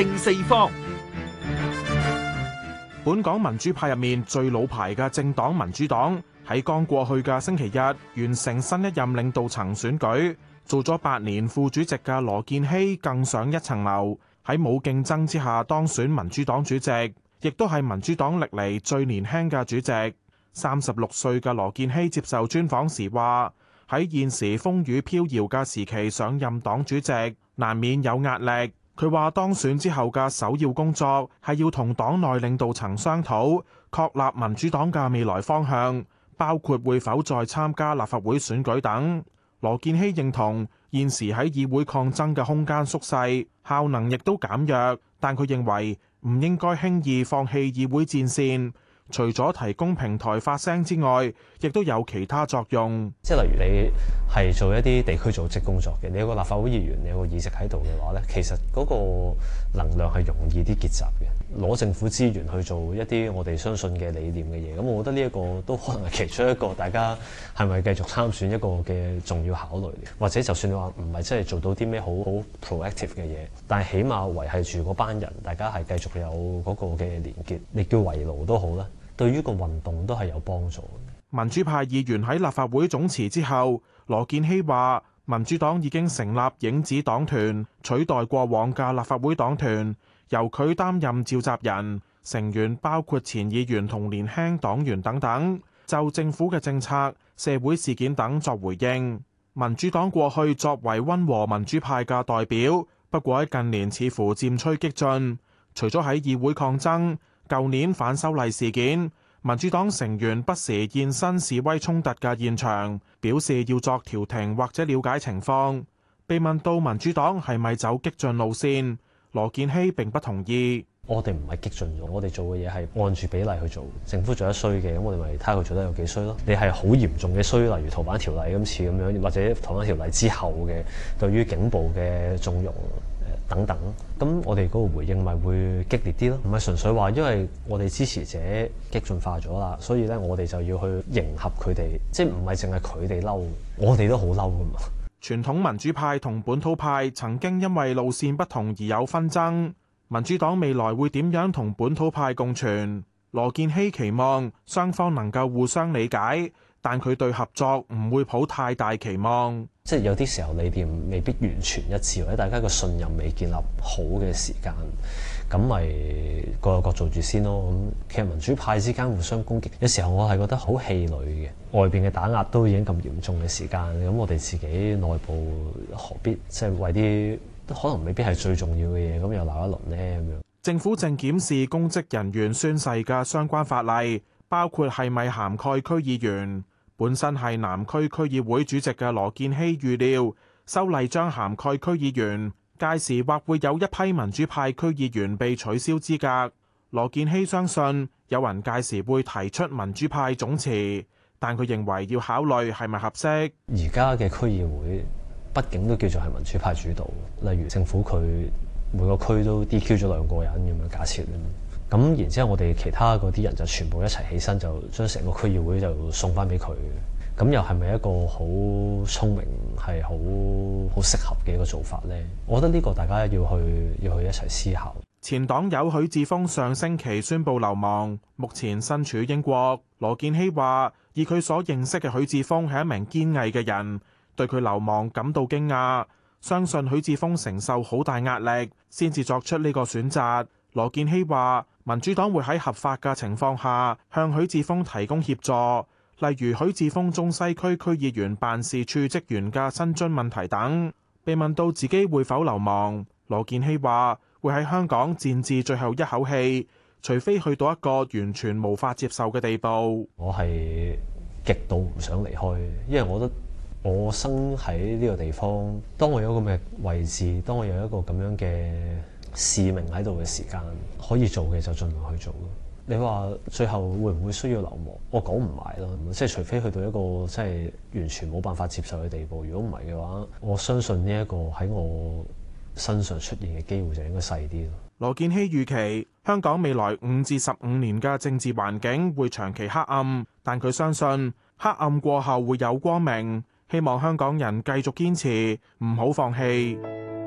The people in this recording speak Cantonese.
正四方，本港民主派入面最老牌嘅政黨民主黨喺剛過去嘅星期日完成新一任領導層選舉，做咗八年副主席嘅羅健熙更上一層樓，喺冇競爭之下當選民主黨主席，亦都係民主黨歷嚟最年輕嘅主席。三十六歲嘅羅健熙接受專訪時話：喺現時風雨飄搖嘅時期上任黨主席，難免有壓力。佢話：當選之後嘅首要工作係要同黨內領導層商討，確立民主黨嘅未來方向，包括會否再參加立法會選舉等。羅健熙認同，現時喺議會抗爭嘅空間縮細，效能亦都減弱，但佢認為唔應該輕易放棄議會戰線。除咗提供平台發聲之外，亦都有其他作用。即係例如你係做一啲地區組織工作嘅，你有個立法會議員，你有個議席喺度嘅話咧，其實嗰個能量係容易啲結集嘅，攞政府資源去做一啲我哋相信嘅理念嘅嘢。咁我覺得呢一個都可能係其中一個大家係咪繼續參選一個嘅重要考慮，或者就算你話唔係真係做到啲咩好好 proactive 嘅嘢，但係起碼維繫住嗰班人，大家係繼續有嗰個嘅連結，你叫圍爐都好啦。對於個運動都係有幫助。民主派議員喺立法會總辭之後，羅建熙話：民主黨已經成立影子黨團，取代過往嘅立法會黨團，由佢擔任召集人，成員包括前議員同年輕黨員等等，就政府嘅政策、社會事件等作回應。民主黨過去作為溫和民主派嘅代表，不過喺近年似乎漸趨激進，除咗喺議會抗爭。舊年反修例事件，民主黨成員不時現身示威衝突嘅現場，表示要作調停或者了解情況。被問到民主黨係咪走激進路線，羅健熙並不同意。我哋唔係激進咗，我哋做嘅嘢係按住比例去做。政府做得衰嘅，咁我哋咪睇下佢做得有幾衰咯。你係好嚴重嘅衰，例如《逃犯條例》今次咁樣，或者《逃犯條例》之後嘅對於警暴嘅縱容。等等咁，我哋嗰個回應咪會激烈啲咯，唔係純粹話，因為我哋支持者激進化咗啦，所以咧我哋就要去迎合佢哋，即係唔係淨係佢哋嬲，我哋都好嬲㗎嘛。傳統民主派同本土派曾經因為路線不同而有紛爭，民主黨未來會點樣同本土派共存？羅健熙期望雙方能夠互相理解。但佢對合作唔會抱太大期望，即係有啲時候你哋未必完全一致，或者大家個信任未建立好嘅時間，咁咪各有各做住先咯。咁其實民主派之間互相攻擊，有時候我係覺得好氣餒嘅。外邊嘅打壓都已經咁嚴重嘅時間，咁我哋自己內部何必即係為啲可能未必係最重要嘅嘢，咁又鬧一輪呢，咁樣？政府正檢視公職人員宣誓嘅相關法例。包括係咪涵蓋區議員，本身係南區區議會主席嘅羅健熙預料修例將涵蓋區議員，屆時或會有一批民主派區議員被取消資格。羅健熙相信有人屆時會提出民主派總辭，但佢認為要考慮係咪合適。而家嘅區議會畢竟都叫做係民主派主導，例如政府佢每個區都 DQ 咗兩個人咁樣假設。咁然之後，我哋其他嗰啲人就全部一齊起身，就將成個區議會就送翻俾佢。咁又係咪一個好聰明、係好好適合嘅一個做法呢？我覺得呢個大家要去要去一齊思考。前黨友許智峯上星期宣布流亡，目前身處英國。羅健熙話：以佢所認識嘅許智峯係一名堅毅嘅人，對佢流亡感到驚訝，相信許智峯承受好大壓力，先至作出呢個選擇。羅健熙話：民主黨會喺合法嘅情況下，向許智峰提供協助，例如許智峰中西區區議員辦事處職員嘅薪津問題等。被問到自己會否流亡，羅健熙話：會喺香港戰至最後一口氣，除非去到一個完全無法接受嘅地步。我係極度唔想離開，因為我覺得我生喺呢個地方，當我有咁嘅位置，當我有一個咁樣嘅。市民喺度嘅時間可以做嘅就盡量去做咯。你話最後會唔會需要流亡？我講唔埋咯，即係除非去到一個即係完全冇辦法接受嘅地步。如果唔係嘅話，我相信呢一個喺我身上出現嘅機會就應該細啲咯。羅健熙預期香港未來五至十五年嘅政治環境會長期黑暗，但佢相信黑暗過後會有光明。希望香港人繼續堅持，唔好放棄。